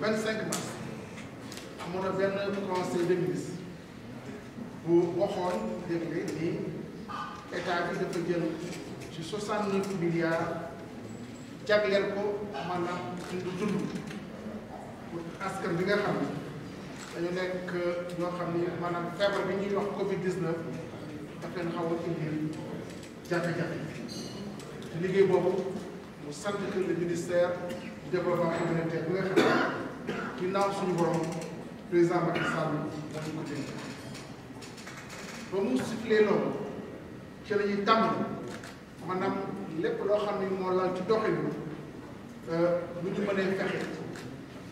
le 25 mars amoon na benn conseil des ministres bu waxoon dégle ni état bi dafa jël 69 milliards jagleel ko maanaam dundu pour askan bi nga xam dañu nek ñoo xamni manam maanaam bi ñuy wax Covid 19 daf leen xawu indi indi jafe ci liggéey bobu mu sant que le ministère du développement communautaire bi nga xam ginnaaw suñu borom président Macky Sall dañu ko ba mu siflee loolu ci la ñuy tàmbali maanaam lépp loo xam ne moo laal ci doxin euh, bu ñu mënee fexe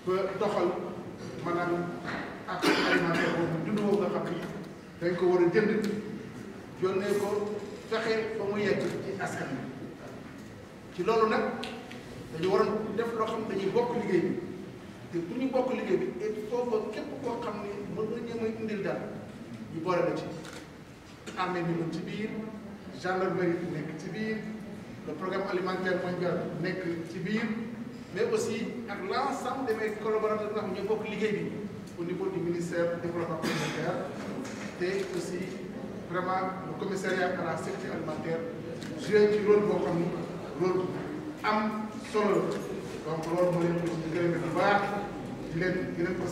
ba doxal maanaam ak alimentaire dund boobu nga xam ne dañ ko war a jënd yónnee ko fexe ba mu yegg ci askan ci loolu nag dañu waroon def loo xam dañuy bokk liggéey te bu ñu bokk liggéey bi et foofa képp koo xam ne mën nga ñëw may indil daal ñu boole la ci amee ñu ci biir gendarmerie bi nekk ci biir le programme alimentaire mondial nekk ci biir mais aussi ak l' ensemble de mes collaborateurs ndax ñoo bokk liggéey bi au niveau di ministère du développement communautaire te aussi vraiment le commissariat à la alimentaire joué ci rôle boo xam am solo donc loolu moo leen ko gërëm bu baax. di leen di leen ko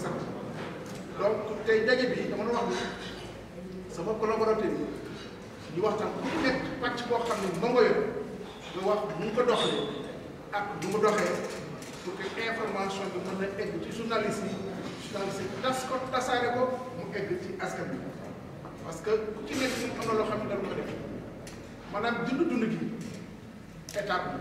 tey daje bi dama la wax ni sama collaborateur yi ñu waxtaan boo xam ne ndongo nga wax bu ko doxalee bu mu doxee pour que information bi mën na egg ci journaliste yi journaliste yi tas ko tasaare ko mu egg ci askan bi parce que ku ci nekk ñun na loo xam ne dara ko def maanaam dund dund gi étape bi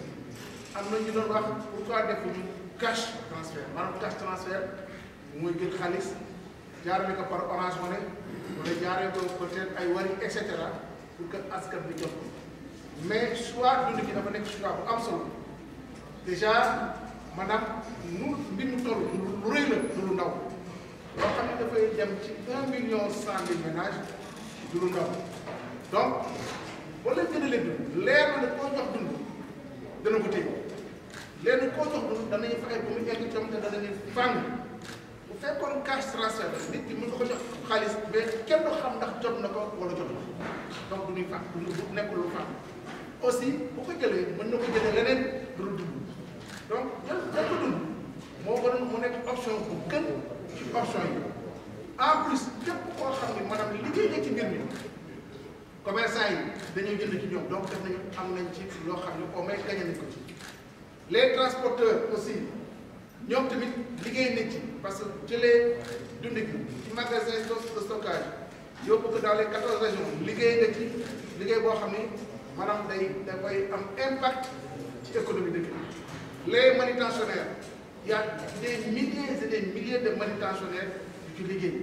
am na ñu doon wax pourquoi defuñu cash transfert maanaam cash transfert mooy jël xaalis jaarale ko par orange money wala jaaree ko peut-être et cetera pour que askan bi mais choix dund gi dafa nekk choix bu am solo déjà maanaam nu mbir mu toll lu la du ndaw loo xam ne dafay dem ci un million cent mille ménages du ndaw donc boo leen gën a leen dund leer na koo jox dund dana ko téye léegi koo jox dund danañu fexe bu mu egg coono te danañu fàng bu fekkoon cash transfert nit ki mën nga ko jox xaalis mais kenn du xam ndax jot na ko wala jotul donc du ñuy fàng du ñu nekkul lu fàng aussi bu ko jëlee mën na ko jëlee leneen du dul dund donc jël jël ko dund mu nekk option bu gën ci option yi en plus képp koo xam ne maanaam liggéey nga ci mbir mi commerçant yi dañuy jënd ci ñoom donc def nañu am nañ ci loo xam ne au moins gagné a ko les transporteurs aussi, nous sommes tous les gens parce que je les donne les magasins de stockage. Je pense que dans les 14 régions, les gens qui les gens qui ont Madame des il y a un impact économique. Les manutentionnaires, il y a des milliers et des milliers de manutentionnaires qui liguent.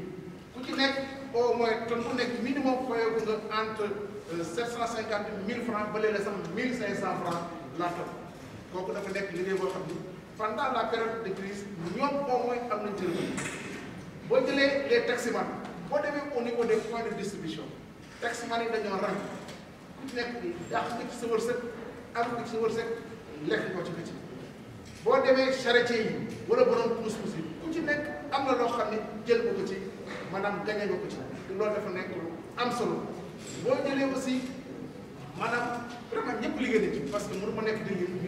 Quand il est au moins, quand minimum entre 750 euh, 000 francs, vous les 1500 francs l'entreprise. kooku dafa nekk liggéey boo xam fan pendant la période de crise ñoom au moins am nañ jërëjëf boo jëlee les taximan boo demee au niveau des points de distribution taximan yi dañoo rang ku ci nekk yàq nga ci sa wërsëg am nga ci sa wërsëg lekk ko ci këcc boo demee charretier yi wala borom pousse-pousse yi ku ci nekk am na loo xam ne jël nga ko ci maanaam gañe nga ko ci loolu dafa nekk lu am solo boo jëlee aussi maanaam vraiment ñëpp liggéey nañ ci parce que mënu ma nekk liggéey.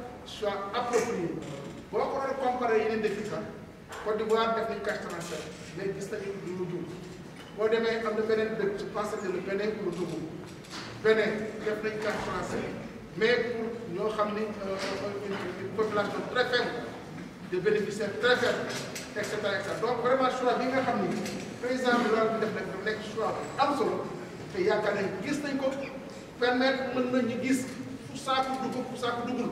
soit approprié boo ko doon comparé yeneen dëkk sax Côte d'Ivoire def nañ carte transfert mais gis nañu lu mu dugg boo demee xam ne beneen dëkk su passé le beneen lu dugg beneen def nañ carte transfert mais pour ñoo xam ni euh, euh, une population de bénéficiaires très faibles et cetera et donc vraiment choix bi nga xam ni président bi loolu def nañ dafa nekk choix am solo te yaakaar nañ gis nañ ko permettre mën nañu gis fu saako dugg fu saako duggul.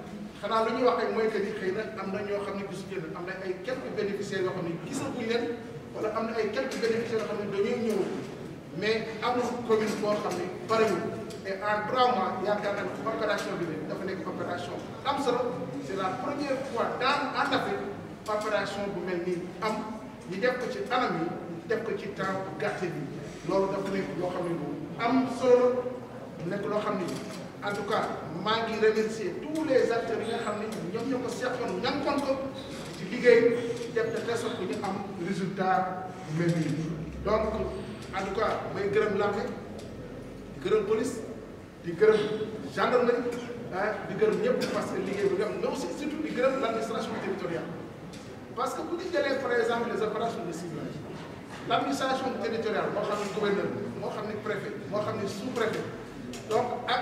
xanaa lu ñuy wax rek mooy xëy na am na ñoo xam ne gisuñu leen am na ay quelques bénéficiaires yoo xam ne gisaguñu leen wala am na ay quelques bénéficiaires yoo xam ne dañoo ñëw mais amul commune boo xam ne barewul et en trois mois yaakaar naa ne coopération bi fois dans en Afrique coopération bu mel nii am ñu def ko ci anam yi ñu ko ci temps gàtt bi loolu dafa nekk loo xam ne lu am solo nekk loo xam ne. en tout cas maa ngi remercier tous les acteurs yi nga xam ne ñoom ñoo ko seqoon ñankoon ko ci liggéey def de telle sorte que ñu am résultat mel nii donc en tout cas may gërëm làmpe di gërëm police di gërëm gendarmerie ah di gërëm ñëpp parce que liggéey bu ñu am mais surtout di gërëm l' administration territoriale parce que bu ñu jëlee par exemple les opérations de ciblage l' administration moo xam ni gouverneur moo xam ne préfet moo xam ne sous préfet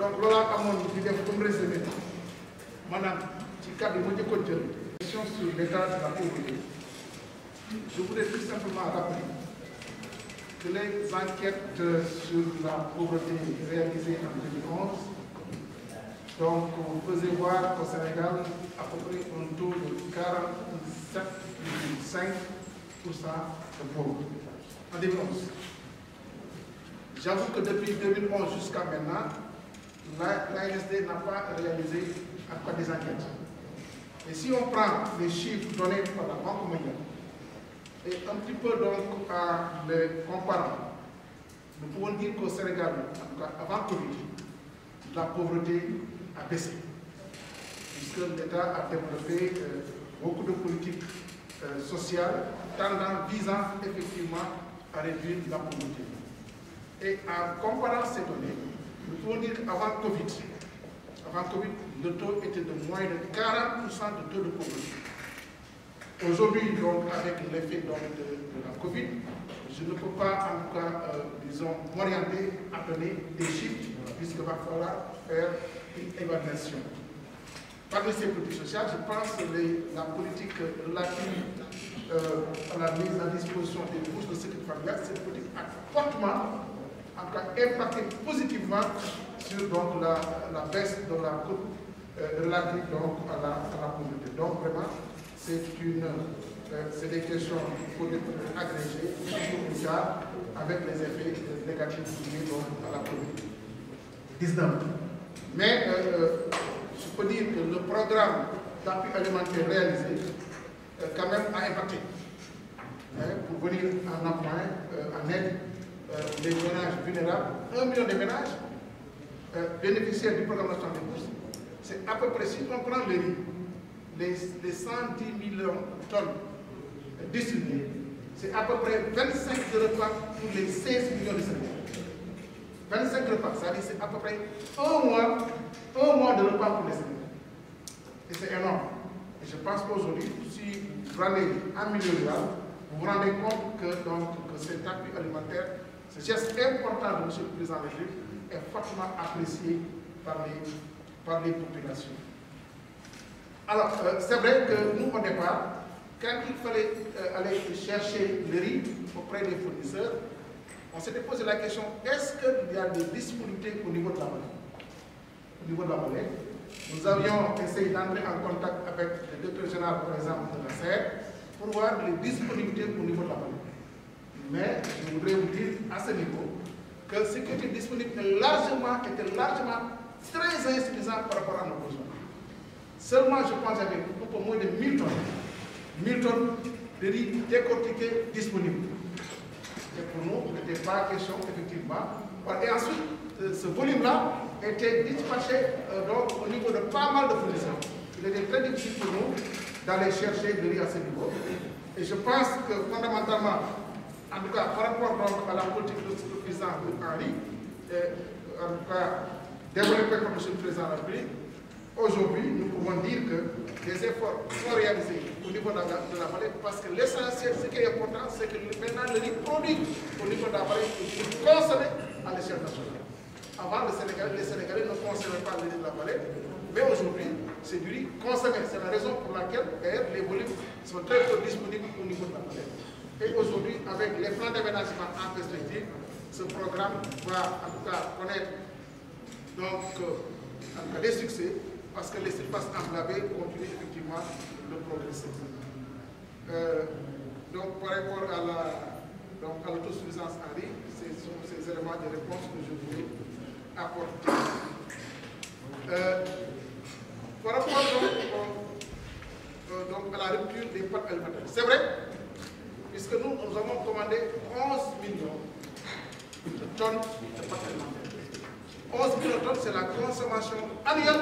donc voilà comment vous vient de comme résumé Maintenant, si kàddu une question sur l'état de la pauvreté je voudrais tout simplement rappeler que les enquêtes sur la pauvreté réalisées en 2011 donc vous pouvez voir qu'au Sénégal à peu près un taux de 47,5 de pauvreté en 2011 j'avoue que depuis 2011 jusqu'à maintenant l'ANSD n'a pas réalisé quoi des enquêtes. Et si on prend les chiffres donnés par la Banque mondiale, et un petit peu donc en les comparant, nous pouvons dire qu'au Sénégal, en avant Covid, la pauvreté a baissé, puisque l'État a développé euh, beaucoup de politiques euh, sociales tendant, visant effectivement à réduire la pauvreté. Et en comparant ces données, nous dire Covid, avant Covid, le taux était de moins de 40% de taux de pauvreté. Aujourd'hui, donc, avec l'effet de, la Covid, je ne peux pas, en tout cas, euh, disons, m'orienter appeler l'Égypte, des chiffres, puisqu'il va falloir faire une évaluation. Parmi ces politiques sociales, je pense que la politique relative euh, à la mise à disposition des bourses de sécurité familiale, cette politique à fortement en tout impacté positivement sur donc, la, baisse de la coûte relative euh, donc, à, la, communauté. Donc vraiment, c'est euh, des questions faut être agrégées avec les effets négatifs liés à la communauté. 19. Mais euh, je peux dire que le programme d'appui alimentaire réalisé quand même a impacté hein, pour venir en appoint, en aide euh, les ménages vulnérables, 1 million de ménages euh, bénéficiaires du programme national des C'est à peu près, si on prend le riz, les, 110 millions de tonnes distribuées, c'est à peu près 25 de repas pour les 16 millions de salariés. 25 repas, ça dit, c'est à peu près un mois, un mois de repas pour les salariés. Et c'est énorme. Et je pense qu'aujourd'hui, si vous prenez un million de vous vous rendez compte que, donc, que cet appui alimentaire ce geste important de M. le Président de est fortement apprécié par les, populations. Alors, euh, c'est vrai que nous, au départ, quand il fallait euh, aller chercher le riz auprès des fournisseurs, on s'était posé la question, est-ce qu'il y a des disponibilités au niveau de la monnaie Au niveau de la monnaie, nous avions essayé d'entrer en contact avec le directeur général, par exemple, de la pour voir les disponibilités au niveau de la monnaie. Mais je voudrais vous dire à ce niveau que ce qui était disponible était largement, largement très insuffisant par rapport à nos besoins. Seulement, je pense qu'il y avait beaucoup moins de 1000 tonnes, 1000 tonnes de riz décortiqué disponible. Et pour nous, il n'était pas question, effectivement. Et ensuite, euh, ce volume-là était dispatché euh, donc, au niveau de pas mal de fournisseurs. Il était très difficile pour nous d'aller chercher de riz à ce niveau. Et je pense que fondamentalement, en tout cas, par rapport à la politique de président Henri, en tout cas, développée par M. le Président de la République, aujourd'hui, nous pouvons dire que des efforts sont réalisés au niveau de la, vallée parce que l'essentiel, ce qui est important, c'est que maintenant le lit produit au niveau de la vallée est consommé à l'échelle nationale. Avant, les Sénégalais ne consommaient pas le lit de la vallée, mais aujourd'hui, c'est du lit consommé. C'est la raison pour laquelle, les volumes sont très peu disponibles au niveau de la vallée. Et aujourd'hui, avec les plans d'aménagement en perspective, ce programme va en tout cas connaître donc, des euh, succès parce que les espaces pour continuent effectivement de progresser. Euh, donc par rapport à la donc à l'autosuffisance en riz, ce sont ces éléments de réponse que je voulais apporter. c'est la consommation annuelle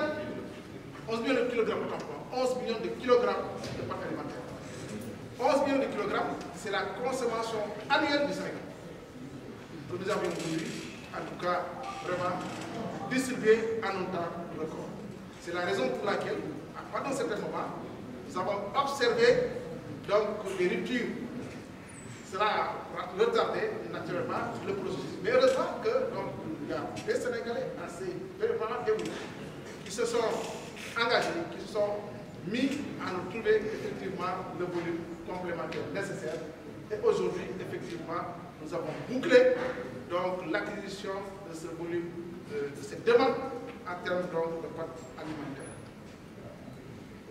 11 millions de kilogrammes 11 millions de kilogrammes de pâtes alimentaires. 11 millions de kilogrammes, c'est la consommation annuelle du Sénégal que nous avons voulu, en tout cas, vraiment distribuer en un temps record. C'est la raison pour laquelle, pendant certains moments, nous avons observé donc, les ruptures. Cela a retardé naturellement le processus. Mais heureusement que donc, gars, les Sénégalais assez, des parents qui se sont engagés, qui se sont mis à nous trouver effectivement le volume complémentaire nécessaire. Et aujourd'hui, effectivement, nous avons bouclé l'acquisition de ce volume, euh, de, cette demande en termes de alimentaire.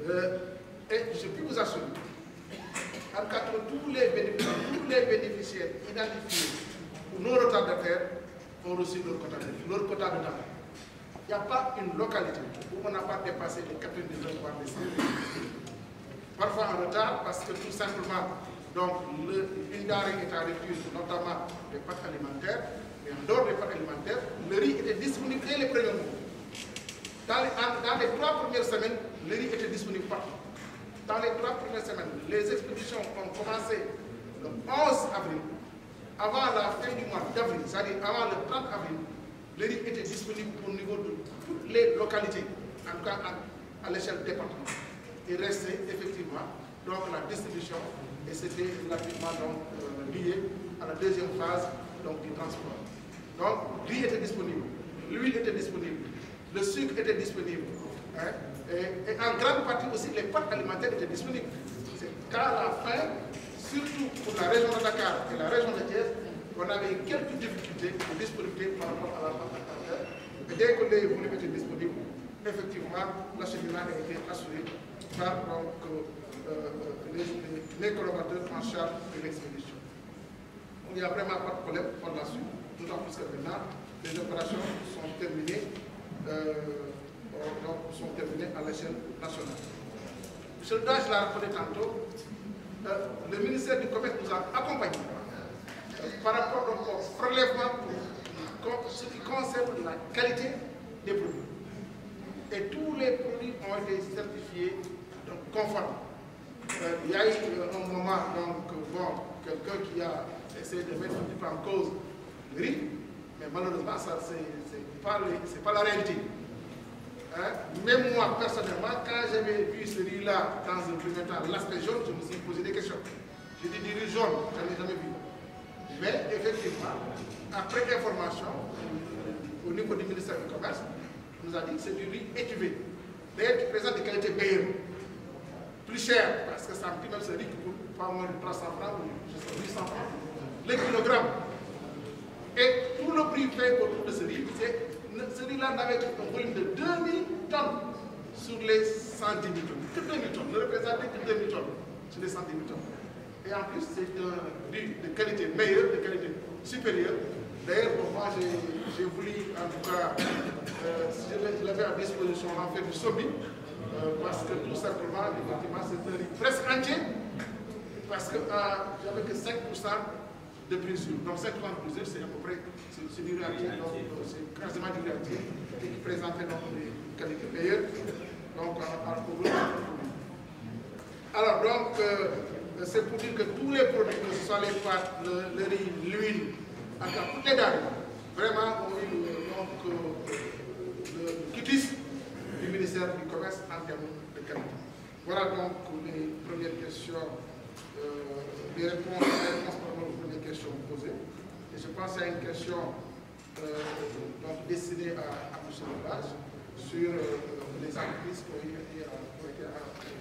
Euh, et je peux vous assurer, en cas tous les bénéficiaires, tous les bénéficiaires identifiés ou non retardataires ont reçu leur quota de, Il n'y a pas une localité où on n'a pas dépassé les 99,5%. Parfois en retard parce que tout simplement, donc, le, une d'arrêt est à notamment les pâtes alimentaires, mais en dehors des pâtes alimentaires, le riz était disponible dès les premier mois. Dans les, trois premières semaines, le riz était disponible partout. Dans les trois premières semaines, les expéditions ont commencé le 11 avril avant la fin du mois d'avril, c'est-à-dire avant le 30 avril, le riz était disponible au niveau de toutes les localités, en tout cas à, l'échelle départementale. Il restait effectivement donc la distribution et c'était rapidement donc, euh, lié à la deuxième phase donc, du transport. Donc, riz était disponible, l'huile était disponible, le sucre était disponible, hein, et, en grande partie aussi les pâtes alimentaires étaient disponibles. C'est qu'à la fin surtout pour la région de Dakar et la région de Thiers, on avait quelques difficultés de disponibilité par rapport à la transportation. Mais dès que les volumes étaient disponibles, effectivement, la l'acheminement a été assurée par euh, euh, les, collaborateurs en charge de l'expédition. Il n'y a vraiment pas de problème par la suite, d'autant plus que maintenant, les opérations sont terminées, euh, sont terminées à l'échelle nationale. M. le l'a rappelé tantôt, euh, le ministère du Commerce nous a accompagnés par rapport au prélèvement pour ce qui concerne la qualité des produits. Et tous les produits ont été certifiés donc, conformes. Euh, il y a eu euh, un moment donc, quelqu'un qui a essayé de mettre en cause le riz, mais malheureusement, ce n'est pas, pas la réalité. Hein? Même moi, personnellement, quand j'avais vu ce riz là dans un premier temps, l'aspect jaune, je me suis posé des questions. J'ai dit du riz jaune, je n'en ai jamais vu. Mais effectivement, après l'information, au niveau du ministère du Commerce, il nous a dit que c'est du riz étuvé. D'ailleurs, il présente des qualités meilleures. Plus cher, parce que ça un petit même ce riz qui coûte pas moins de 300 francs ou je sais, 800 francs, le kilogramme. Et tout le prix fait autour de ce riz, c'est celui-là n'avait qu'un volume de 2000 tonnes sur les 110 000 tonnes. Que 2000 tonnes, ne représentait que 2000 tonnes sur les 110 000 tonnes. Et en plus, c'est un riz de qualité meilleure, de qualité supérieure. D'ailleurs, pour moi, j'ai voulu, en tout cas, euh, je l'avais à disposition en fait du sommet, euh, parce que tout simplement, effectivement, c'est un riz presque entier, parce que euh, ah, j'avais que 5% de plus. Donc cette plante c'est à peu près, c'est du donc, c'est quasiment du réactif, et qui présente donc nombre qualités meilleures. Donc on parle pour vous. Alors donc, euh, c'est pour dire que tous les produits, que ce soit les pâtes, le, riz, l'huile, enfin toutes les vraiment ont eu donc, le euh, du ministère du Commerce en termes de qualité. Voilà donc les premières questions, euh, les réponses, les réponses question posée. Et je pense à une question euh, donc destinée à, à M. Lepage sur euh, les entreprises qui ont été